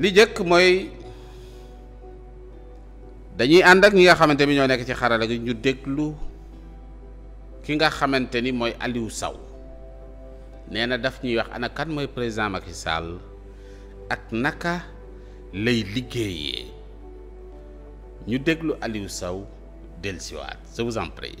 li jëkk mooy dañuy ànd ak ñi nga xamante ni ñoo nekk ci xarala gi ñu déglu ki nga xamante ni mooy Aliou saw nee na daf ñuy wax ana kan mooy président Macky Sall ak naka lay liggéeyee ñu déglu Aliou Sow dellusiwaat je vous en prie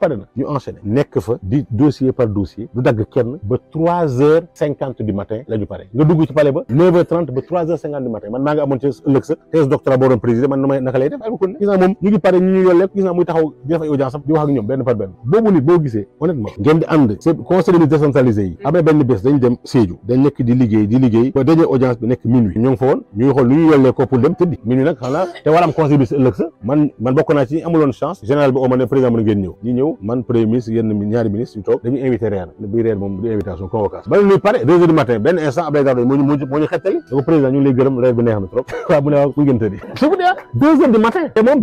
pare na ñu enchaîner nekk fa di dossier par dossier du dagg kenn ba trois heures cinquante du matin la ñu pare nga dugg ci palais ba neuf heures trente ba trois heures cinquante du matin man maa ngi amoon ci ëllëg sa thèse doctorat boo doon présider man na may naka lay def ak kon gis naa moom ñu ngi pare ñu ñu yolleeku gis naa muy taxaw di def ay audience am di wax ak ñoom benn par benn boobu nit boo gisee honnêtement ngeen di ànd c'est conseil des ministres décentralisé yi am na benn bés dañu dem Sédhiou dañ nekk di liggéey di liggéey ba dernière audience bi nekk minuit ñoo ngi fa woon ñu ngi xool lu ñu yollee ko pour dem tëddi minuit nag xanaa te war am conseil bi ëllëg sa man man bokk naa ci amuloon chance général bi oo ma ne président mën ngeen ñëw ñi ñëw man premier ministre yenn ñaari ministre yu toog dañu invité reer bi reer moom du invitation convocation ba ñuy pare deux heures du matin benn instant Abdoulaye ne waaw ku ngeen ah, tëddi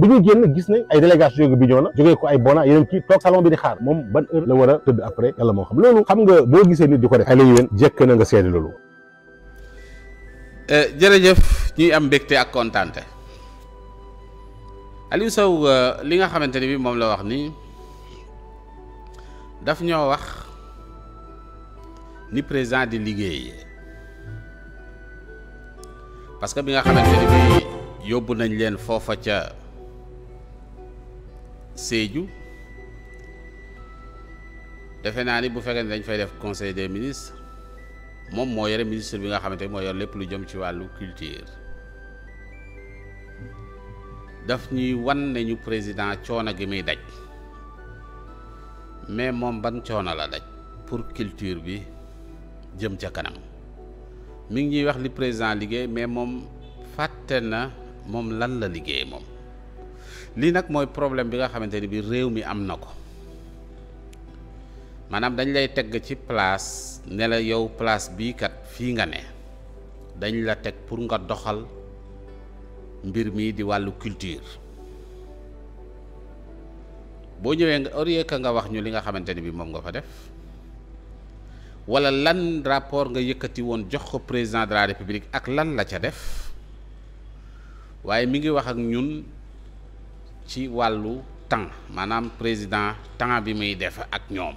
moom la war a tëdd après yàlla xam loolu xam nga boo gisee nit di ko def ay eh, am mbégte ak kontaante Aliou Sow euh, li nga xamante ni bi moom la wax ni daf ñoo wax ni président di liggéey parce que bi nga xamante ni bi yóbbu nañ leen foofa ca Sédhiou defe naa ni bu fekkee ne dañ fay def conseil des ministre moom moo yore ministre bi nga xamante ni moo yor lépp lu jëm ci wàllu culture daf ñuy wan nañu président coono gi muy daj mais moom ban coono la daj pour culture bi jëm ca kanam mi ngi ñuy wax li président liggéey mais moom fàtte na moom lan la liggéey moom lii nag mooy problème bi nga xamante ni bi réew mi am na ko maanaam dañ lay teg ci place ne la yow place bii kat fii nga ne dañ la teg pour nga doxal mbir mi di wàllu culture boo ñëwee nga au lieu que nga wax ñu li nga xamante ni bi moom nga fa def wala lan rapport nga yëkkati woon jox ko président de la république ak lan la ca def waaye mi ngi wax ak ñun ci wàllu temps maanaam président temps bi muy def ak ñoom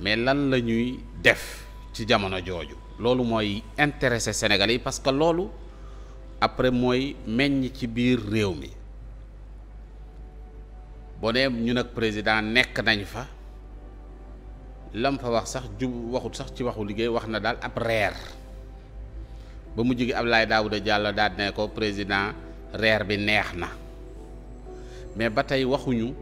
mais lan la ñuy def ci jamono jooju loolu mooy intéressé sénégal yi parce que loolu après mooy meññ ci biir réew mi boo nee ñun ak président nekk nañ fa lam fa wax sax jub waxut sax ci waxu liggéey wax na daal ab reer ba mu jigi Abdoulaye Daouda Diallo daal ne ko président reer bi neex na mais ba tey waxuñu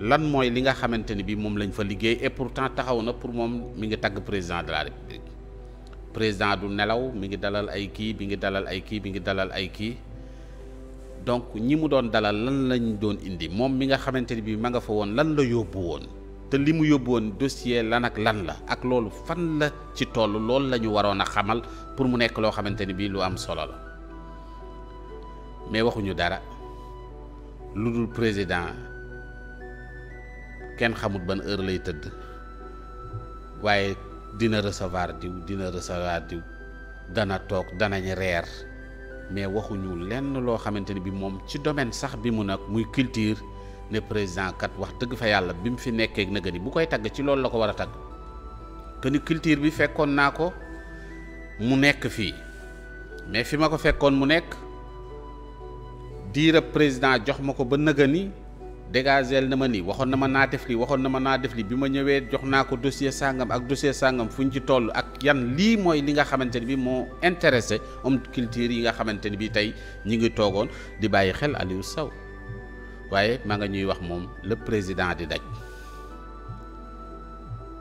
lan mooy li nga xamante ni bi moom lañ fa liggéey et pourtant taxaw na pour moom mi ngi tagg président de la président du nelaw mi ngi dalal ay kii bi ngi dalal ay kii bi ngi dalal ay kii donc ñi mu doon dalal lan lañ doon indi moom mi nga xamante ni bii ma nga fa woon lan la yóbbu woon te li mu yóbbu woon dossier lan ak lan la ak loolu fan la ci toll loolu la ñu waroon a xamal pour mu nekk loo xamante ni bii lu am solo la mais waxuñu dara lu dul président kenn xamut ban heure lay tëdd waaye dina recevoir diw dina recevoir diw dana toog danañ reer. mais waxuñu lenn loo xamante ni bi moom ci domaine sax bi mu nag muy culture ne président kat wax dëgg fa yàlla bi mu fi nekkee nag bu koy tagg ci loolu la ko war a tagg que ni culture bi fekkoon naa ko mu nekk fii mais fi ma ko fekkoon mu nekk diira président jox ma ko ba nëga ni dégagel na ma ni waxoon na ma naa def li waxoon na ma naa def lii bi ma ñëwee jox naa ko dossier sàngam ak dossier sàngam fu ñu ci toll ak yan lii mooy li nga xamante ni bi moo intéressé om culture yi nga xamante ni bi tey ñi ngi toogoon di bàyyi xel Aliou saw waaye maa nga ñuy wax moom le président di daj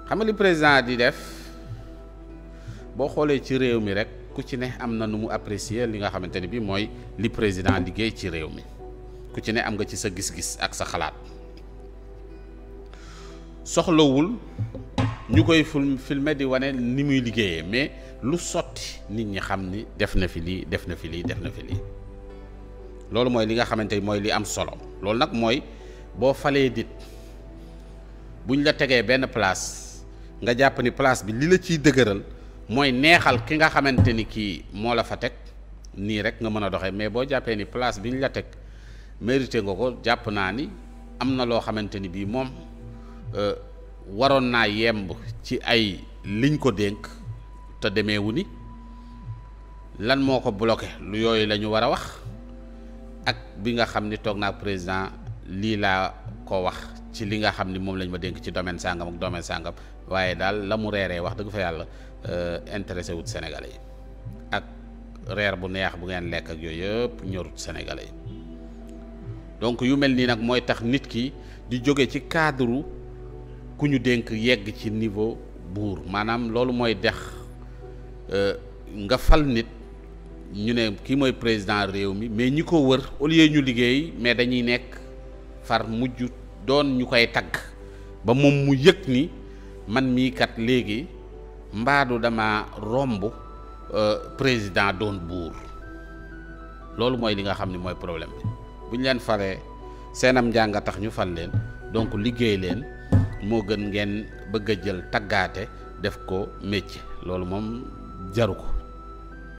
xam nga li président di def boo xoolee ci réew mi rek ku ci ne am na nu mu apprécier li nga xamante ni bi mooy li président liggéey ci réew mi ku ci ne am nga ci sa gis-gis ak sa xalaat soxlawul ñu koy film filmer di wane ni muy liggéeyee mais lu sotti nit ñi xam ni def na fi lii def na fi lii def na fi lii loolu mooy li nga xamante ni mooy li am solo loolu nag mooy boo falee dit buñ la tegee benn place nga jàpp ni place bi li la ciy dëgëral mooy neexal ki nga xamante ni kii moo la fa teg nii rek nga mën a doxee mais boo jàppee ni place bi ñu la teg mérité nga ko jàpp naa ni am na loo xamante ni bii moom euh, waroon naa yemb ci ay liñ ko dénk te demeewu ni lan moo ko bloqué lu yooyu lañu war a wax ak bi nga xam ni toog naa président lii laa ko wax ci li nga xam ni moom lañ ma dénk ci domaine sàngam ak domaine sàngam waaye daal la mu reeree wax dëgg fa yàlla euh, intéressé wut Sénégalais yi ak reer bu neex bu ngeen lekk ak yooyu yëpp ñorut Sénégalais yi donc yu mel nii nag mooy tax nit ki di jóge ci cadre ku ñu dénk yegg ci niveau buur maanaam loolu mooy dex euh, nga fal nit ñu ne kii mooy président réew mi mais ñi ko wër au lieu ñu liggéey mais dañuy nekk far mujj doon ñu koy tagg ba moom mu yëg ni man mii kat léegi mbaadu dama romb euh, président doon buur loolu mooy li nga xam ni mooy problème bi bu ñu leen falee seenam njàng tax ñu fal leen donc liggéey leen moo gën ngeen bëgg a jël taggaate def ko métier loolu moom jaru ko